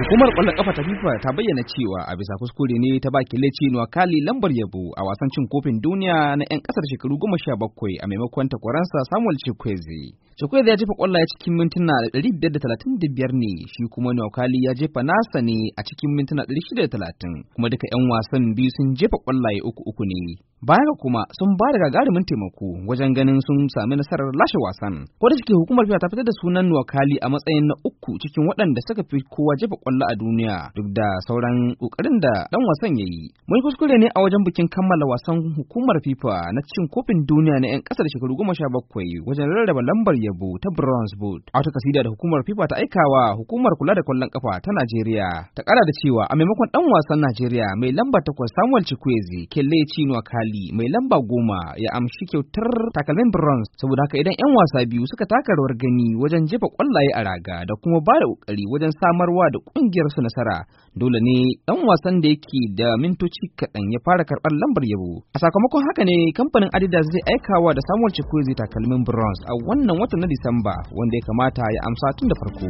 Hukumar ƙwallon ƙafa ta FIFA ta bayyana cewa a bisa kuskure ne ta baki na kali lambar yabo a wasan cin kofin duniya na 'yan kasar shekaru goma sha bakwai a maimakon takwaransa Samuel Chikwueze. Chikwueze ya jefa ƙwallaye cikin mintuna dari biyar da da talatin biyar ne shi kuma kali ya jefa nasa ne a cikin mintuna dari shida da talatin, kuma duka 'yan wasan biyu sun jefa ƙwallaye uku uku ne. Baya ga kuma sun ba da gagarumin taimako wajen ganin sun sami nasarar lashe wasan. Ko da hukumar FIFA ta fitar da sunan Nwakali a matsayin na uku cikin waɗanda suka fi kowa jefa ƙwallo a duniya duk da sauran ƙoƙarin da ɗan wasan ya yi. Mun kuskure ne a wajen bikin kammala wasan hukumar FIFA na cin kofin duniya na 'yan ƙasar shekaru goma sha bakwai wajen rarraba lambar yabo ta Bronze Boot. A wata kasida da hukumar FIFA ta aikawa hukumar kula da ƙwallon kafa ta Najeriya ta ƙara da cewa a maimakon ɗan wasan Najeriya mai lamba takwas Samuel Chikwueze kelle Chinua Kali mai lamba goma ya amshi kyautar takalmin bronze saboda haka idan 'yan wasa biyu suka taka rawar gani wajen jefa ƙwallaye a raga da kuma ba da ƙoƙari wajen samarwa da ƙungiyarsu nasara dole ne dan wasan da yake da mintoci kaɗan ya fara karɓar lambar yabo a sakamakon haka ne kamfanin adidas zai aikawa da samuwar cikwezi takalmin bronze a wannan watan na disamba wanda ya kamata ya amsa tun da farko